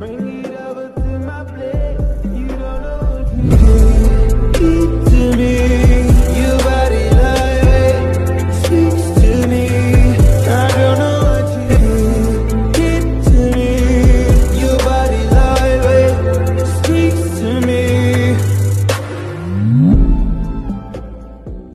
Bring me.